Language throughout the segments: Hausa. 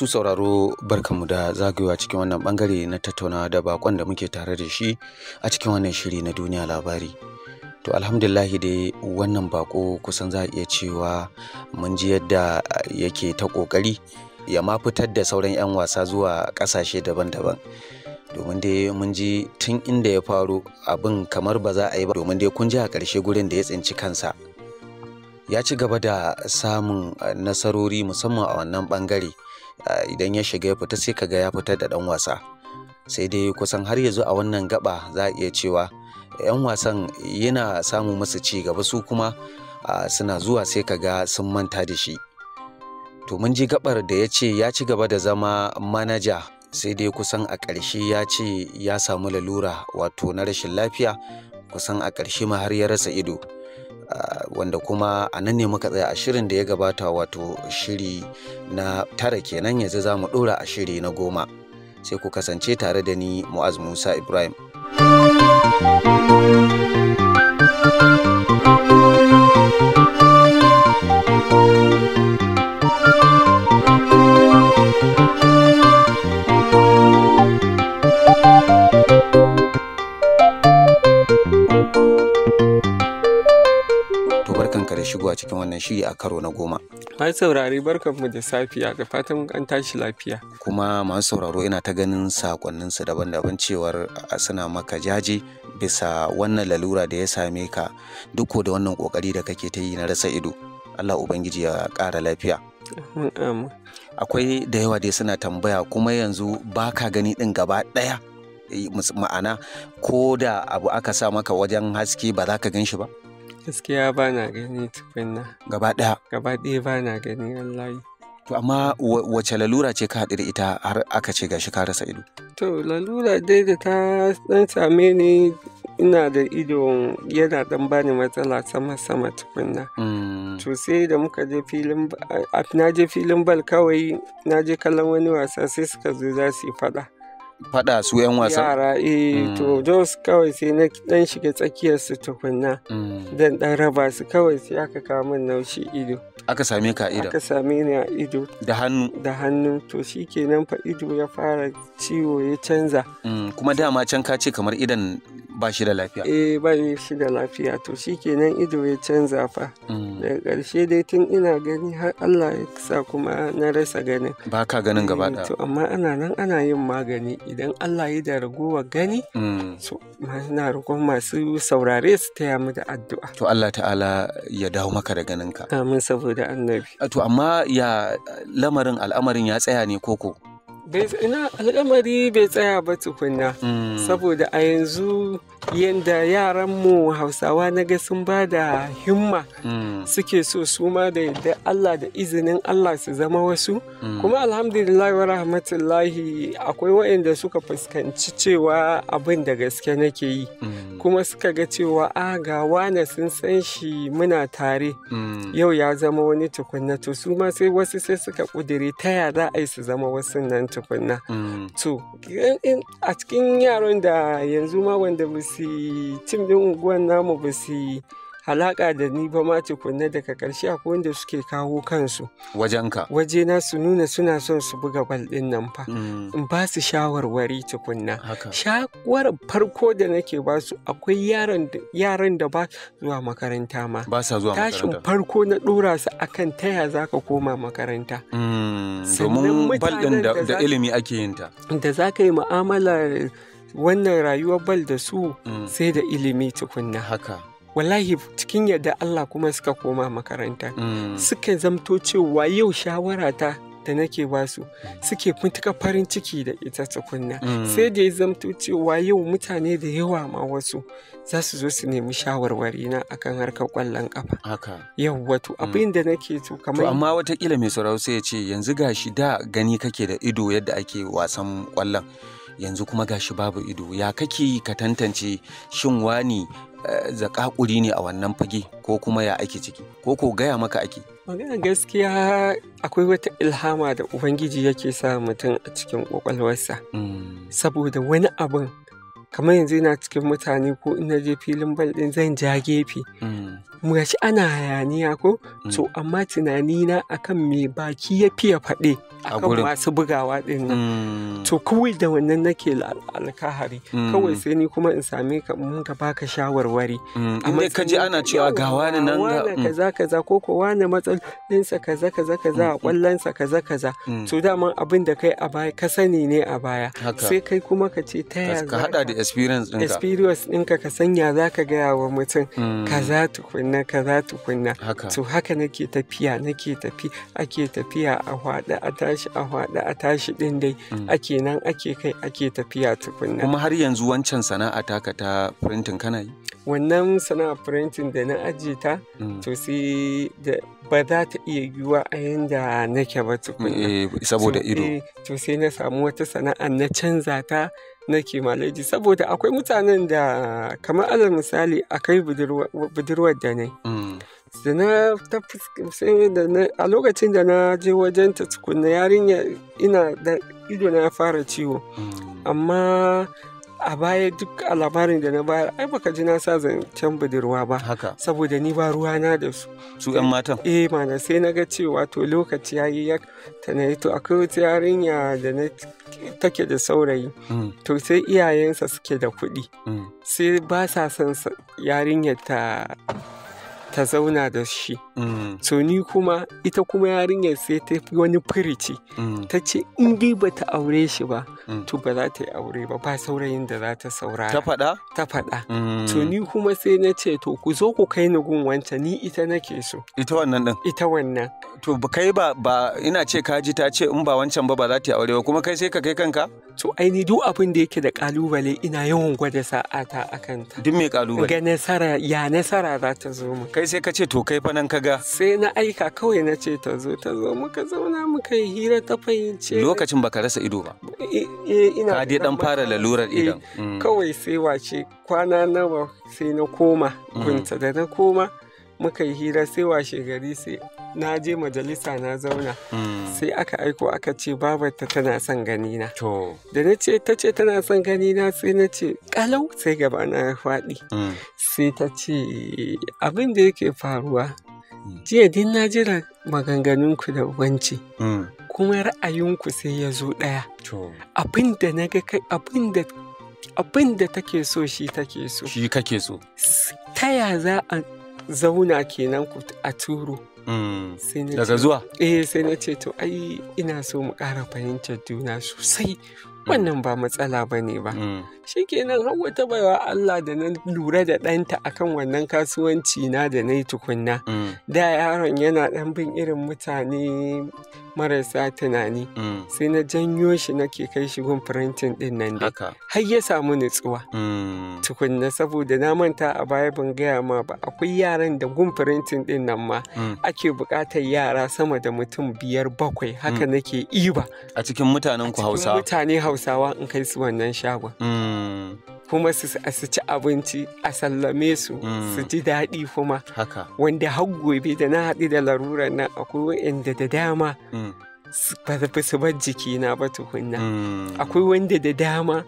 Masu sauraro barkanmu da zagayowa cikin wannan bangare na tattaunawa da bakon da muke tare da shi a cikin wannan shiri na duniya labari. To alhamdulahi dai wannan bako kusan za a iya cewa mun ji yadda yake ta kokari ya ma fitar da sauran 'yan wasa zuwa kasashe daban-daban. domin dai mun ji tun inda ya faru, abin kamar ba za a yi ba domin dai kun ji a ƙarshe gurin da ya tsinci kansa ya ci gaba da samun nasarori musamman a wannan bangare. Ah, idan ya shiga ya fita sai kaga ya fita da ɗan wasa sai dai kusan har yanzu a wannan gaba za a iya cewa 'yan wasan yana samun masu ci gaba su kuma ah, suna zuwa sai kaga sun manta da shi to mun ji gabar da ya ce ya ci gaba da zama manaja sai dai kusan a ƙarshe ya ce ya samu lalura wato na rashin lafiya kusan a ƙarshe ma har ya rasa ido Ah, wanda kuma a nan ne muka tsaya a shirin da ya gabata wato shiri na tara kenan yanzu za mu ɗora a shiri na goma sai ku kasance tare da ni mu'az musa ibrahim wannan shiri a karo na goma. Masu saurari barkanmu da safiya da fatan an tashi lafiya. Kuma masu sauraro ina ta ganin sakonninsu daban-daban cewar suna maka jaje bisa wannan lalura da ya same ka duk da wannan kokari da kake ta yi na rasa ido. Allah Ubangiji ya ƙara lafiya. Akwai da yawa dai suna tambaya kuma yanzu ba ka gani ɗin gaba ɗaya eh, ma'ana ko da abu aka sa maka wajen haske ba za ka gan shi ba. Gaskiya ba na gani tukunna. Gaba ɗaya? Gaba ɗaya ba na gani wallahi. To amma wace lalura ce ka haɗu da ita har aka ce gashi ka rasa ido? To lalura dai da ta ɗan same ni ina da ido yana ɗan bani matsala sama-sama tukunna. Mm. To sai da muka je filin na je filin bal kawai na je kallon wani wasa sai suka zo za su yi faɗa. faɗa su 'yan wasan? Yara, eh, mm. to Jos kawai sai na ɗan shiga tsakiyar su tukunna. Mm. Dan ɗan raba su kawai sai aka kawo min naushi ido. Aka same ka ido? Aka same ni a ido. Da hannu? Da hannu, to shi fa ido ya fara ciwo ya canza. Mm, kuma dama can ka ce kamar idan ba shi da lafiya eh ba shi da lafiya to shi kenan ido ya canza fa mm. daga ƙarshe dai tun ina gani har Allah ya sa kuma na rasa ganin ba ka ganin gaba eh, ɗaya to amma ana nan ana yin magani idan Allah ya da ragowa gani mm. so na roƙon masu saurare su taya mu da addu'a to Allah ta'ala ya dawo maka da ganinka amin saboda annabi to amma ya lamarin al'amarin ya tsaya ne koko al'amari bai tsaya ba tukunna mm. saboda a yanzu yadda yaran mu hausawa na ga sun ba da himma mm. suke so su ma da yadda Allah da izinin Allah su zama wasu mm. kuma alhamdulillah wa rahmatullahi akwai waɗanda suka fuskanci cewa abin da gaske nake yi kuma suka ga cewa a ga wane sun san shi muna tare yau ya zama wani tukunna to su ma sai wasu sai suka ƙudiri ta ya za a yi su zama wasu nan tukunna tukunna so mm. a cikin yaran da yanzu ma wanda ba su cin din unguwan namu ba su alaƙa da ni ba ma tukunna daga ƙarshe akwai wanda suke kawo kansu wajenka wajena su nuna suna son su buga bal ɗin nan fa mm. in ba su shawarwari tukunna Shawar farko da nake ba su akwai yaran da ba zuwa makaranta ma ba sa zuwa makaranta tashin farko na ɗora su akan taya za ka koma makaranta mm. domin bal din da ilimi ake yin ta da za ka yi mu'amala wannan rayuwar bal da su mm. sai da ilimi tukunna haka wallahi cikin yadda Allah kuma suka koma makaranta mm. suka zamto cewa yau shawara ta da nake basu suke mutuka farin ciki da ita tukunna mm. sai da ya zamto cewa yau mutane da yawa ma wasu za su zo su nemi shawarwari na akan harkar kwallon kafa yau wato mm. abin da nake to kamar amma watakila mai sauraro sai ya ce yanzu gashi da gani kake da ido yadda ake wasan kwallon yanzu kuma gashi babu ido ya kake ka tantance shin wani zakakuri eh, ne a wannan fage ko kuma ya ake ciki ko ko gaya maka ake magana gaskiya akwai wata ilhama da ubangiji yake sa mutum a cikin kwakwalwarsa hmm. saboda wani abin kamar yanzu ina cikin mutane ko ina je filin bal din zan ja gefe hmm. mu gashi ana hayaniya ko hmm. to amma tunanina akan me baki ya fiye faɗe a gurin masu bugawa din nan mm. to kawai da wannan nake alkahari mm. kawai sai ni kuma in same ka mun ka baka shawarwari mm. amma ka ji ana cewa ga wani nan ga kaza kaza ko ko wani matsalolinsa kaza kaza kaza a sa kaza kaza to dama abin da kai a baya ka sani ne a baya sai kai kuma ka ce ta ya ka hada da experience ɗinka experience ɗinka ka sanya za ka gaya wa mutum kaza tukunna kaza tukunna to haka nake tafiya nake tafi ake tafiya a hwada a tashi a faɗi a tashi ɗin dai mm. ake nan ake kai ake tafiya tukunna. Kuma har yanzu wancan sana'a taka ta printing kana yi? Wannan sana'a printing da na ajiye ta mm. to sai da ba za ta iya yiwuwa a yanda nake ba tukunna. Eh, eh, saboda ido. Eh, to sai na samu wata sana'a na canza ta na kimalaji saboda akwai mutanen da kamar alal misali akai budurwar da nai. Mm. da na ta da na a lokacin da na je wajen ta tukunna yarinya ina da ido na fara ciwo hmm. amma a baya duk a labarin da na bayar ai baka ji na sa zancen budurwa ba haka saboda ni ba ruwa na da su su yan matan eh mana sai na ga cewa to lokaci yayi ya ta na to akwai wata yarinya da na take da saurayi hmm. to sai iyayensa suke da kuɗi hmm. sai ba sa son yarinya ta ta zauna da shi mm. so ni kuma ita kuma yarinyar sai ta fi wani firici mm. ta ce in dai ba ta aure shi ba mm. to ba za ta yi aure ba ba saurayin da za ta saurara ta faɗa ta faɗa to ni kuma sai na ce to ku zo ku kai ni gun wancan ni ita nake so ita wannan din ita wannan to kai ba ba ina ce kaji ta ce in ba wancan ba ba za ta yi aure ba kuma kai sai ka kai kanka to aini duk abin da yake da kalubale ina yawan gwada sa'ata akan ta duk me kalubale ga nasara ya nasara za ta zo mu kai sai ka ce to kai fa nan ka ga sai na aika kawai na ce ta zo ta zo muka zauna muka yi hira ta fahimce lokacin baka rasa ido ba ina ka dai dan fara lalurar eh, idan mm. kawai sai wace kwana nawa sai na koma mm. kunta da na koma muka yi hira sai washe gari sai na je majalisa na zauna hmm. sai aka aiko aka ce babarta tana son gani na da na ce ta ce tana son gani na sai na ce kalau sai gaba na faɗi hmm. sai ta ce abin da yake faruwa hmm. jiya din na jira maganganunku da wanci kuma ra'ayinku sai ya zo ɗaya abin da na ga abin da abin da take so shi take so shi kake so ta ya za a zauna kenan ku a turu mm. daga zuwa eh sai na ce to ai ina so mu ƙara fahimtar juna sosai wannan ba matsala ba ne mm. ba shikenan hawa ta baiwa Allah da na lura da ɗanta akan wannan kasuwanci na da na yi tukunna mm. da yaron yana ɗan bin irin mutane marasa tunani mm. sai na janyo shi nake kai shi gun firintin ɗin nan da har ya samu nutsuwa tukunna saboda na manta a baya ban gaya ma ba akwai yaran da gun firintin ɗin nan ma ake buƙatar yara sama da mutum biyar bakwai haka nake iba a cikin mutanen ku hausa hausawa in kai su wannan shagon mm. kuma su ci abinci a sallame su mm. su ji daɗi kuma Haka. wanda har gobe da na haɗu da larurar nan akwai wanda da dama mm. ba su bar jikina ba tukunna akwai wanda da dama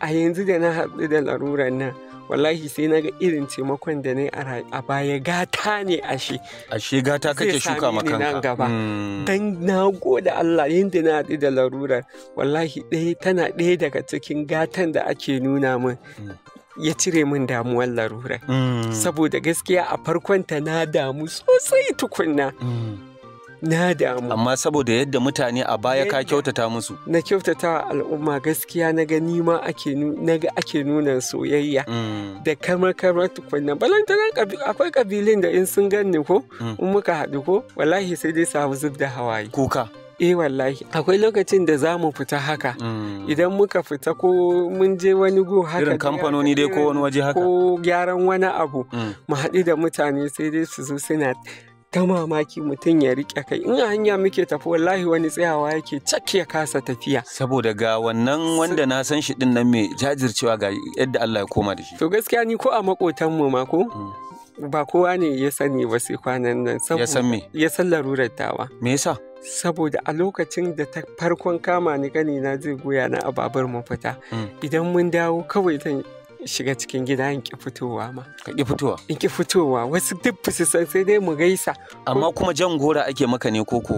a yanzu da na haɗu da larurar nan wallahi sai na ga irin taimakon da ne a baya gata ne ashe ashe gata kake shuka makanka nan gaba hmm. dan na gode Allah yanda na haɗu da larurar wallahi ɗaya tana ɗaya daga cikin gatan da ake nuna min ya cire min damuwar larurar hmm. saboda gaskiya a farkonta na damu sosai tukunna hmm. na damu amma saboda yadda mutane a baya ka kyautata musu na kyautata al'umma gaskiya na ga nima ake naga ake nuna soyayya mm. da kamar kamar tukunna balantaran akwai kabilin da in sun ganni ko mm. in muka haɗu ko wallahi sai dai samu zub da hawaye kuka eh wallahi akwai lokacin da za mu fita haka mm. idan muka fita ko mun je wani go haka irin kamfanoni dai ko wani waje haka ko gyaran wani abu mu haɗu da mutane sai dai su zo suna ta mamaki mutum ya riƙe kai in a hanya muke tafi wallahi wani tsayawa yake cak ya kasa tafiya saboda ga wannan wanda na san shi din nan mai jajircewa ga yadda Allah ya koma da shi to gaskiya ni ko a makotan mu ma ko hmm. ba kowa ne ya sani ba sai kwanan nan ya san me ya san larurar tawa me yasa saboda a lokacin da ta farkon kama ni gani na zai goya na ababar mafita hmm. idan mun dawo kawai zan shiga cikin gida in ki fitowa ma ka ki fitowa in ki fitowa wasu duk su san sai dai mu gaisa amma kuma jan gora ake maka ne ko ko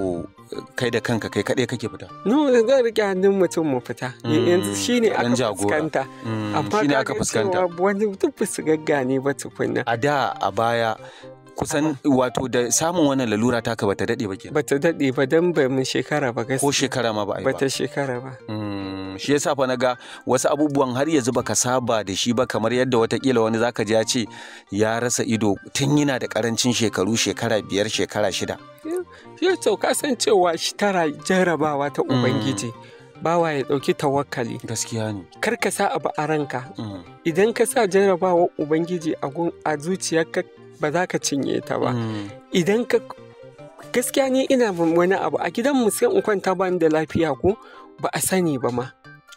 eh, kai da kanka kai kaɗai kake fita no zan rike hannun mutum mu fita mm, eh, yanzu ne aka fuskanta mm, amma ka ga cewa wani duk su gaggane ba tukunna a da a baya kusan wato da samun wannan lalura taka bata daɗe ba ke bata daɗe ba dan ba mun shekara ba gaskiya ko shekara ma ba ai ba bata shekara ba hmm, shi yasa fa naga wasu abubuwan har yanzu baka saba da shi ba kamar yadda watakila wani zaka ji ya ce ya rasa ido tun yana da karancin shekaru shekara biyar shekara shida shi to kasancewa shi tara jarabawa ta hmm. ubangiji bawa ya dauki tawakkali gaskiya ne kar ka sa abu a ranka hmm. idan ka sa jarabawa ubangiji a zuciyarka ba za ka cinye ta ba mm. idan ka gaskiya ni ina wani abu a gidan mu sai in kwanta bani da lafiya ko ba a sani ba ma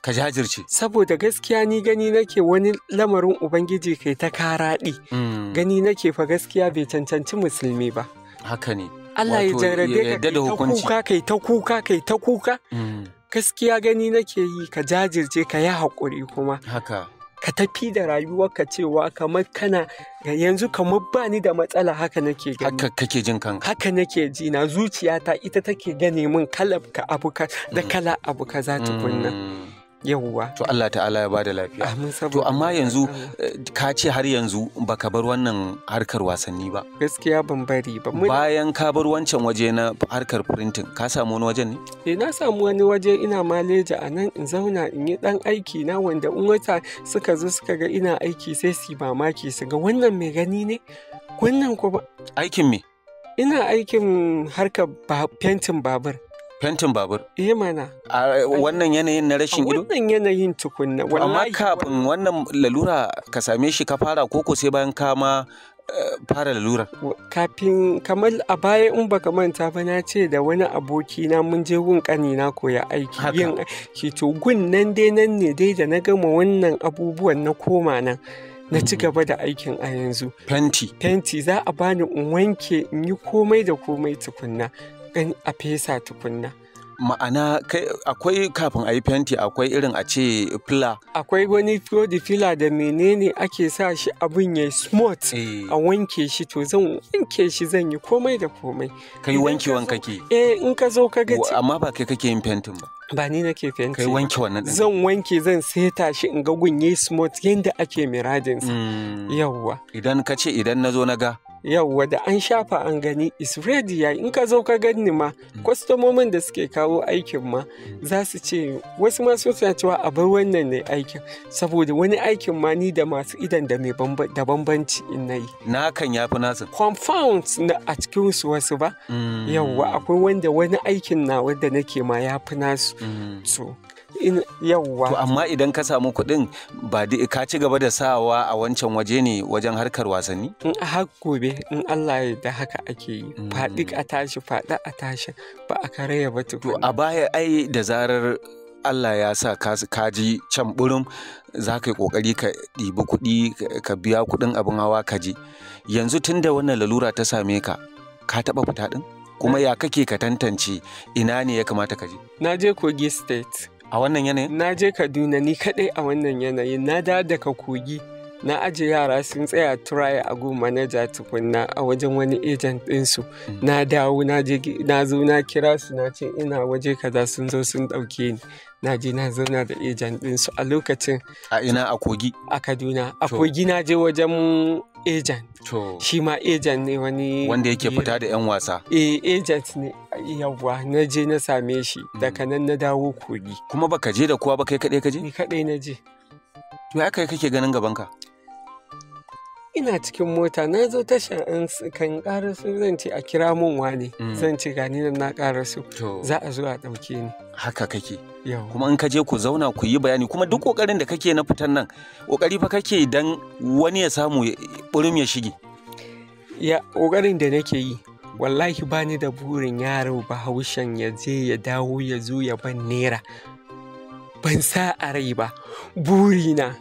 ka jajirce saboda gaskiya ni gani nake wani lamarin ubangiji kai ta karaɗi mm. gani nake fa gaskiya bai cancanci musulmi ba haka ne Allah ya jarabe ka ta kuka kai ta kuka kai ta kuka mm. gaskiya gani nake yi ka jajirce ka yi haƙuri kuma haka ka tafi da rayuwarka cewa kamar kana yanzu kamar ba ni da matsala haka nake gani haka kake jin kanka haka nake ji na zuciyata ita take gane min kalab ka abuka da mm. kala abu ta tukunna mm. yawwa to Allah ta'ala ya bada lafiya to amma yanzu eh, ka ce har yanzu baka bar wannan harkar wasanni ba gaskiya ban bari ba bayan ka bar wancan waje na harkar printing ka samu wani wajen ne eh na samu wani waje ina maleja a nan in zauna in yi dan aiki na wanda in wata suka zo suka ga ina aiki sai su mamaki su ga wannan mai gani ne wannan kuma aikin me ina aikin harkar fentin babur Fentin babur? Eh mana. A wannan yanayin na rashin ido? wannan yanayin tukunna. Amma kafin wannan lalura ka same shi ka fara koko sai bayan kama eh, fara lalura. Kafin kamar a baya in baka manta ba na ce da wani aboki na mun je gun kani na koya aiki yin aiki to gun nan dai nan ne dai da na gama wannan abubuwan na koma nan. na ci mm-hmm. gaba da aikin a yanzu. Fenti. Fenti za a bani in wanke in yi komai da komai tukunna kafin a fesa tukunna ma'ana akwai kafin a yi fenti akwai irin a ce fila akwai wani prodi fila da menene ake sa shi abun ya smooth eh. a wanke shi to zan wanke shi zan yi komai da komai kai wanke kake eh in ka zo ka gaji. amma ba kai kake yin fentin ba ba ni nake fenti kai wanke wannan ɗin? zan wanke zan seta shi in ga gunye smooth yadda ake miradinsa mm. yawwa idan ka ce idan na zo na ga yauwa da an shafa an gani is ready ya in ka zo ka gani ma mm. kwastomomin da suke kawo aikin ma za su ce wasu ma suna cewa a bar wannan ne aikin saboda wani aikin ma ni da masu idan da mai da bambanci in na yi na kan yafi nasu confound na a cikin su wasu ba mm. yauwa akwai wanda wani aikin na wanda nake ma yafi nasu so mm. yawwa to amma idan ka samu kuɗin ba ka ci gaba da sawa a wancan waje ne wajen harkar wasanni in har gobe in Allah ya da haka ake yi mm. faɗi a tashi faɗi a tashi ba a karaya ba to a baya ai da zarar Allah ya sa ka ji can burin za ka yi ƙoƙari ka ɗibi kuɗi ka biya kuɗin abin hawa ka je yanzu tun da wannan lalura ta same ka ka taɓa fita ɗin kuma ya kake ka tantance ina ne ya kamata ka je na je kogi state a wannan yanayin na je kaduna ni kadai a wannan yanayin na da daga kogi na aje yara sun tsaya turaya a gun manaja tukunna a wajen wani agent ɗinsu na dawo na zo na kira su na ce ina waje kaza sun zo sun ɗauke ni na je na zauna da agent ɗinsu a lokacin a ina a kogi a kaduna a kogi na je wajen agent shi ma agent ne wani wanda yake fita da yan wasa eh agent ne yawwa na je na same shi hmm. daga nan na dawo kogi kuma baka je da kowa ba kai kaɗai ka je ni kaɗai na je to ya kai kake ganin gabanka ina cikin mota na zo tasha an kan karasu zan ce a kira mun wane mm. zan ce gani nan na karasu za a zo a ɗauke ni haka kake kuma in ka je ku zauna ku yi bayani kuma duk kokarin da kake na fitan nan kokari fa kake dan wani ya samu burum ya shige ya kokarin da nake yi wallahi bani da burin yaro bahaushen ya je ya dawo ya zo ya ban nera ban sa a rai ba burina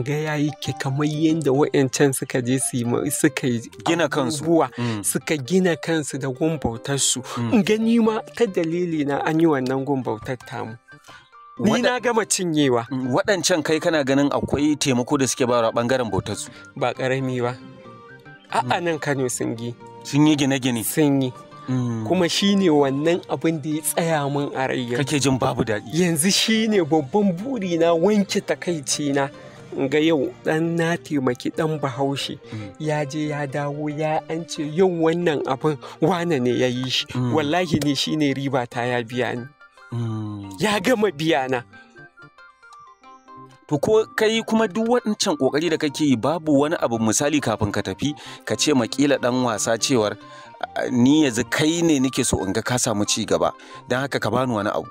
ga yi ke kamar yadda wa'yancan suka je su yi, suka gina kansu mm. suka gina kansu da gumbautarsu su mm. gani ma ta dalili na an yi wannan gumbautar tamu ni na gama cinyewa mm, waɗancan kai kana ganin akwai taimako da suke bawa ɓangaren bautar su ba ƙarami ba a'a nan Kano sun yi sun yi gine-gine sun yi kuma shine wannan abin da ya tsaya min a rayuwa kake jin babu daɗi yanzu shine babban burina wanke takaici na ga yau ɗan na taimaki ɗan bahaushe mm. ya je ya dawo ya an ce yau wannan abin wane ne ya yi shi mm. wallahi ne shi ne riba ta ya biya ni mm. ya gama biya na to ko kai kuma duk wancan kokari da kake yi babu wani abu misali kafin ka tafi ka ce makila dan wasa cewar ni yanzu kai ne nake so in ga ka samu ci gaba don haka ka bani wani abu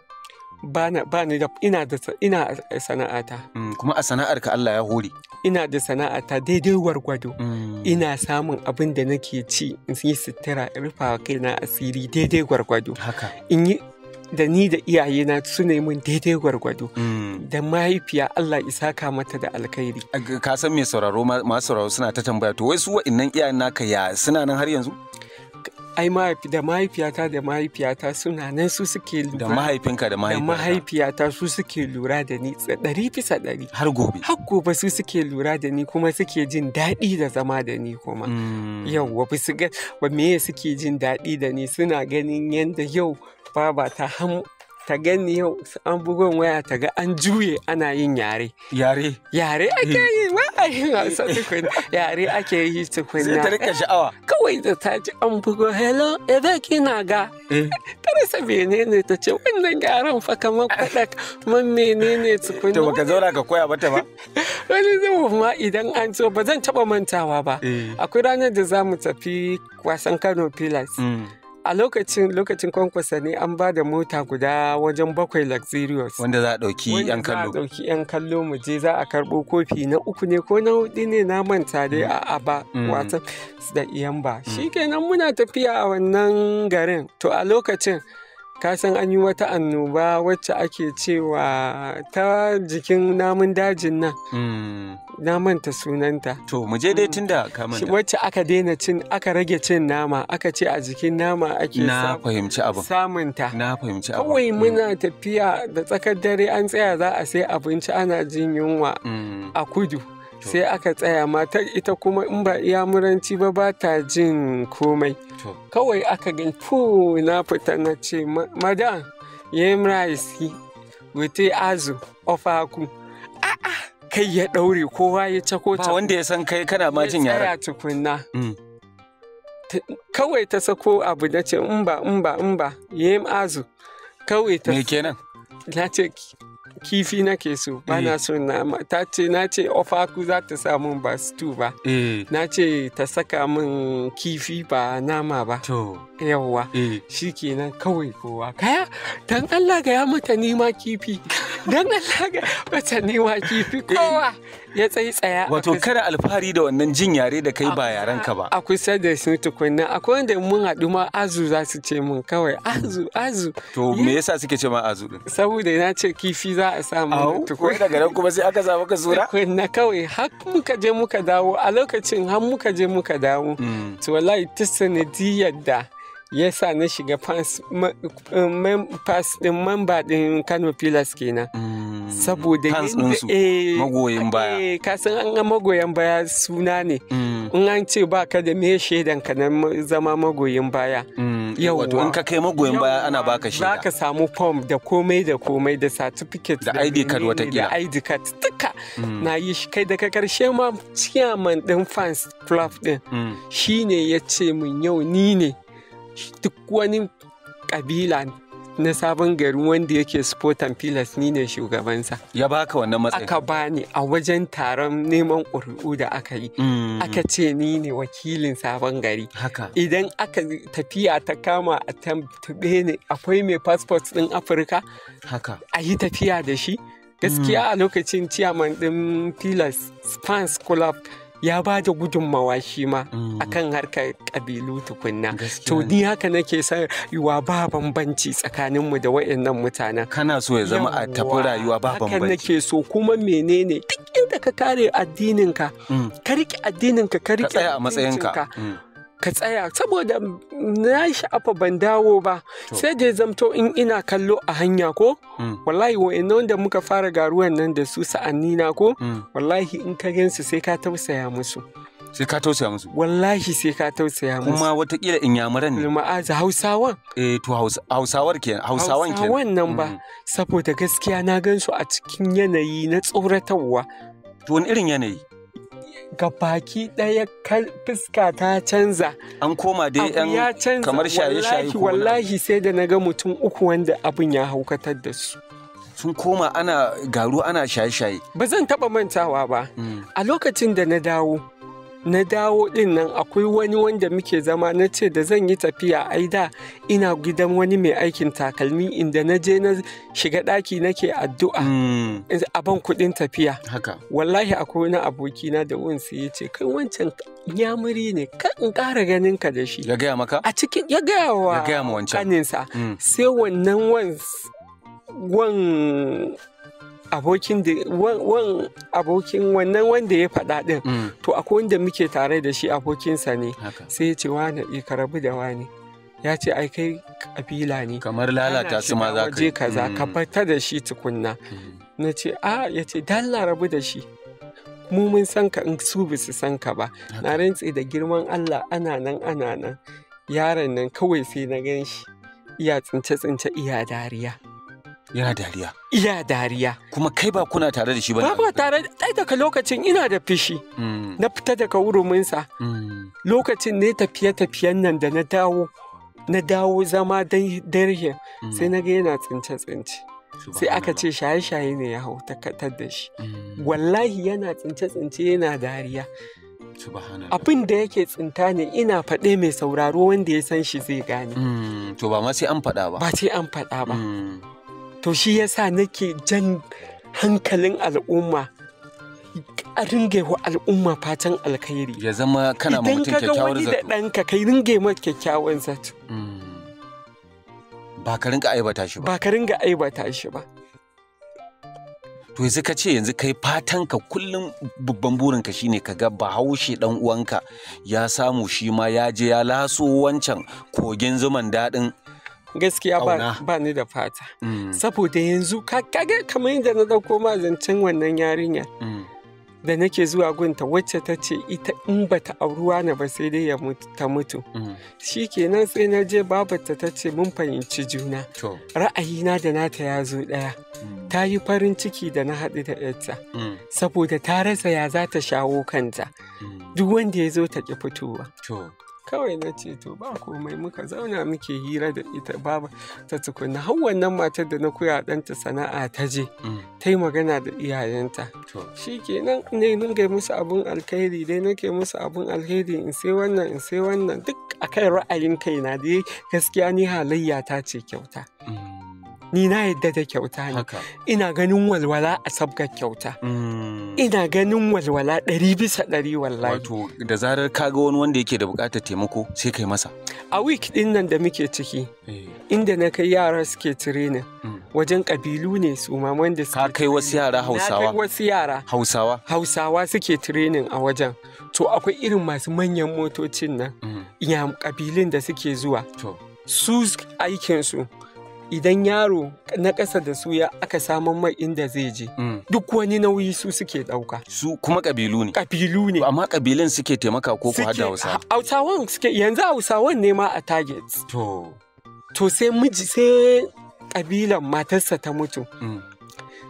Ba bani da ina da ina sana'ata mm, kuma a sana'arka Allah ya hore ina da sana'ata daidai gwargwado mm. ina samun abin da nake ci in yi sutura in rufa kaina asiri daidai gwargwado haka in yi da ni da iyayena su ne mun daidai gwargwado mm. da mahaifiya Allah isaka mata da alkhairi ka san me sauraro masu sauraro suna ta tambaya to wai su wa'annan iyayen naka ya suna nan har yanzu ai da mahaifiyata da mahaifiyata suna nan su suke lura da mahaifinka da mahaifiyata da mahaifiyata su suke lura da ni ɗari bisa ɗari har gobe har gobe su suke lura da ni kuma suke jin daɗi da zama da ni kuma mm. yau wa su ga ba me suke jin daɗi da ni suna ganin yanda yau baba ta ka gani yau an bugon waya ta ga an juye ana yin yare yare yare ake eh. yi wa a yi wasa tukun yare ake yi tukun sai ta ka sha'awa kawai da ta ji an bugo hello ebe kina ga eh. ta rasa menene ta ce wannan gyaran fa kamar kwaɗa man menene tukun to baka zauna ka koya mata ba wani zama ma idan an so ba zan taɓa mantawa ba eh. akwai ranar da za mu tafi wasan kano pillars mm. a lokacin lokacin kwankwasa ne an ba da mota guda wajen bakwai luxurious wanda za a ɗauki yan kallo za a ɗauki yan kallo mu je za a karɓo kofi na uku ne ko na hudu ne na manta dai mm. a aba mm. wata da iyamba mm. kenan muna tafiya a wannan garin to a lokacin ka san an yi wata annoba wacce ake cewa ta jikin namun dajin nan mm. na manta sunanta to mu je dai mm. tunda ka manta wacce aka daina cin aka rage cin nama aka ce a jikin nama ake na fahimci abu samunta na fahimci abu kawai muna mm. tafiya da tsakar dare an tsaya za a sai abinci ana jin yunwa a kudu sai aka tsaya matar ita kuma in ba iya muranci ba ba ta jin komai kawai aka gani fu na fita na ce madam yam rice wute azu ofaku a'a kai ya daure kowa ya cako ta wanda ya san kai kana ma jin yara tukunna mm. kawai ta sako abu na ce in ba in ba in ba yam azu kawai ta me kenan na ce kifi nake so ba na eh. so nama ta ce na ce ofaku za ta sa min ba stew eh. ba na ce ta saka min kifi ba nama ba yawwa eh. shi kenan kawai kowa kaya dan Allah ga ya mata nima kifi dan Allah ga mata nima kifi kowa ya tsayi tsaya wato kada alfahari da wannan jin yare da kai ba yaren ka ba a kusa da sun tukunna akwai wanda mun haɗu ma azu za su ce mun kawai azu azu to me yasa suke ce ma azu din saboda na ce kifi za a sa mun tukunna daga nan kuma sai aka samu ka sura tukunna kawai har muka je muka dawo a lokacin har muka je muka dawo mm. to wallahi ta sanadiyar da ya sa na shiga fans eh, din mamba din kano pillars kenan mm, saboda eh, magoyin baya eh, kasan an ga magoyan baya suna ne mm. in an ce ba ka da me shaidan ka na zama magoyin baya mm, yau wato in ka kai magoyin baya ana baka shaida za ka samu form da komai da komai da certificate da ID card watakila da ID card duka na yi shi kai daga karshe ma chairman din fans club din shine ya ce min yau ni ne duk wani kabila na sabon gari wanda yake and pilas ni ne shugabansa ya baka wannan matsayi aka bani a wajen taron neman ƙuri'u da aka yi mm. aka ce ni ne wakilin sabon gari haka idan aka tafiya ta kama a tambaye ni akwai mai passport ɗin afirka haka a yi tafiya da shi gaskiya mm. a lokacin chairman ɗin pilas spans club ya ba da gudunmawa shi ma mm. akan harkar ƙabilu tukunna to ni haka nake son yiwa ba bambanci tsakaninmu da waɗannan mutanen kana so ya zama a tafi rayuwa ba bambanci hakan nake so kuma menene duk inda ka kare addininka mm. ka riƙe addininka ka riƙe a matsayinka ka tsaya saboda na sha'afa ban dawo ba sai da zamto in ina kallo a hanya ko mm. wallahi wa'annan da muka fara garuwan nan da su sa'anni na ko mm. wallahi in ka gansu sai ka tausaya musu sai ka tausaya musu wallahi sai ka tausaya musu kuma watakila inyamuran ne ma'aza hausawan eh to hausawar ke hausawan ke wannan nan ba mm. saboda gaskiya na gansu a cikin yanayi na tsoratarwa to wani irin yanayi ga baki ɗaya fuska ta canza an koma dai yan kamar shaye-shaye wallahi sai da na ga mutum uku wanda abin ya haukatar da su sun koma ana garu ana shaye-shaye ba zan taɓa mantawa ba mm. a lokacin da na dawo na dawo din nan akwai wani wanda muke zama na ce da zan yi tafiya ai da ina gidan wani mai aikin takalmi inda na je na shiga ɗaki nake addu'a hmm. a ban kuɗin tafiya wallahi akwai wani abokina da wansu ya ce kai wancan yamuri ne kan ƙara ganin ka da shi ya gaya maka a cikin ya gaya wa kaninsa hmm. sai wannan wan abokin da wan abokin wannan wanda ya faɗa ɗin mm. to akwai wanda muke tare da shi abokinsa ne sai ya ce wani eh, ka rabu da wani ya ce ai kai kabila ne kamar lalata su ma za ka je kaza ka mm. fita da shi tukunna mm. na ce a ya ce dan larabu da shi mu mun san ka in su bi su san ka ba na rantse da girman Allah ana nan ana nan yaron nan kawai sai na gan shi iya tsince tsince iya dariya yana dariya iya dariya kuma kai ba kuna tare da shi ba ba tare da Ɗai daga lokacin ina da fishi mm. na fita daga wuruminsa mm. lokacin ne tafiye-tafiyen nan da na dawo na dawo zama darhe mm. sai na ga yana tsince-tsince sai aka ce shaye-shaye ne ya hau takatar da shi wallahi yana tsince-tsince yana dariya abin da yake tsinta ne ina faɗe mai sauraro wanda ya san shi zai gane to ba ma sai an faɗa ba ba sai an faɗa ba to shi yasa nake jan hankalin al'umma a ringe wa al'umma fatan alkhairi ya zama kana mutum kyakkyawar zato idan ka ga wani da ɗanka kai ringe ma kyakkyawan zato hmm. ba ka ringa aibata shi ba ba ka ringa aibata shi ba to yanzu ka ce yanzu kai fatan ka kullum babban burin ka shine ka ga bahaushe dan uwanka ya samu shi ma ya je ya laso wancan kogin zuman daɗin gaskiya ba ni da fata mm. saboda yanzu kaga kamar yadda na dauko ma zancen wannan yarinya mm. da nake zuwa gunta wacce ta ce ita in bata auruwa na ba sai dai ta mutu mm. shi kenan sai na je babarta ta ce mun fahimci juna ra'ayina da nata ya zo ɗaya ta yi farin ciki da na haɗu da yarta saboda ta rasa ya za ta shawo kanta duk wanda ya zo ta ƙi fitowa kawai na ce to ba komai muka zauna muke hira da ita baba ta tukuna har wannan matar da na koya ɗanta sana'a ta je mm. ta yi magana da iyayenta shi kenan ne gai musu abun alkhairi dai nake musu abun alkhairi in sai wannan in sai wannan duk akan ra'ayin kaina dai gaskiya ni halayya ta ce kyauta mm. ni na yadda da kyauta ne ina ganin walwala a sabgar kyauta mm. ina ganin walwala ɗari bisa ɗari wallahi wato da zarar kaga wani wanda yake da buƙatar taimako sai kai masa a week din nan da muke ciki eh. inda na kai yara suke training mm. wajen kabilu ne su ma wanda suke ka kai wasu yara hausawa na kai wasu yara hausawa hausawa suke training a wajen to akwai irin masu manyan motocin nan mm. Ya kabilin da suke zuwa su aikinsu idan yaro na ƙasa da su ya aka samun mai inda zai je mm. duk wani nauyi su suke ɗauka su kuma ƙabilu ne ƙabilu ne amma ƙabilun suke taimaka ko ku hada hausa? hausawan suke yanzu hausawan ne ma a target to to sai miji sai ƙabilan matarsa ta mutu mm.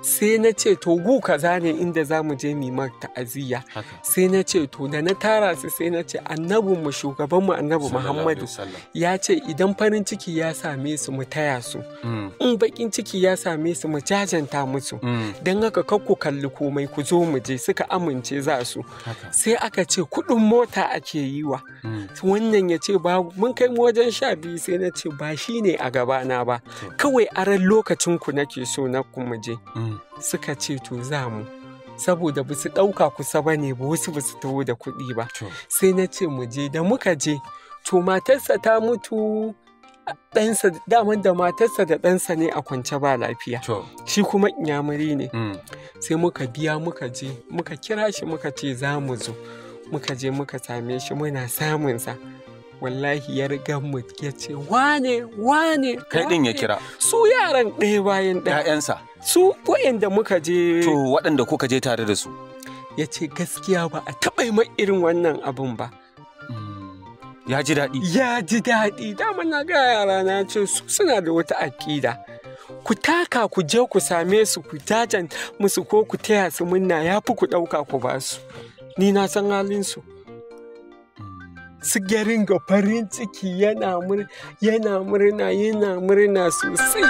sai na ce to gu kaza ne inda za mu je mimar ta'aziyya sai na ce to da na tara su sai na ce annabin mu shugaban mu annabi muhammadu ya ce idan farin ciki ya same su mu taya su mm. in bakin ciki ya same su mu jajanta musu mm. Dan haka kar ku kalli komai ku zo mu je suka amince za su sai aka ce kuɗin mota ake yi wa mm. wannan ya ce ba mun kai mu wajen sha biyu sai na ce ba shi ne a na ba kawai aran lokacin ku nake so na mu je. mu suka ce to za mu saboda ba su ɗauka kusa ba ne ba wasu ba su taho da kuɗi ba sai na ce mu je da muka je to matarsa ta mutu ɗansa daman da matarsa da ɗansa ne a kwance ba lafiya shi kuma inyamuri ne mm. sai muka biya muka je muka kira shi muka ce za mu zo muka je muka same shi muna samunsa wallahi ya riga mu ya ce wane wane kai din ya kira su yaran ɗaya bayan ɗaya ƴaƴansa su waɗanda muka je to waɗanda kuka je tare da su ya ce gaskiya ba a taɓa mai irin wannan abin ba mm. ya ji daɗi ya ji daɗi dama na ga yara na ce su suna da wata aƙida ku taka ku je ku same su ku jajanta musu ko ku taya su munna ya fi ku ɗauka ku ba su ni na san halin su su ga farin ciki yana murna yana murna sosai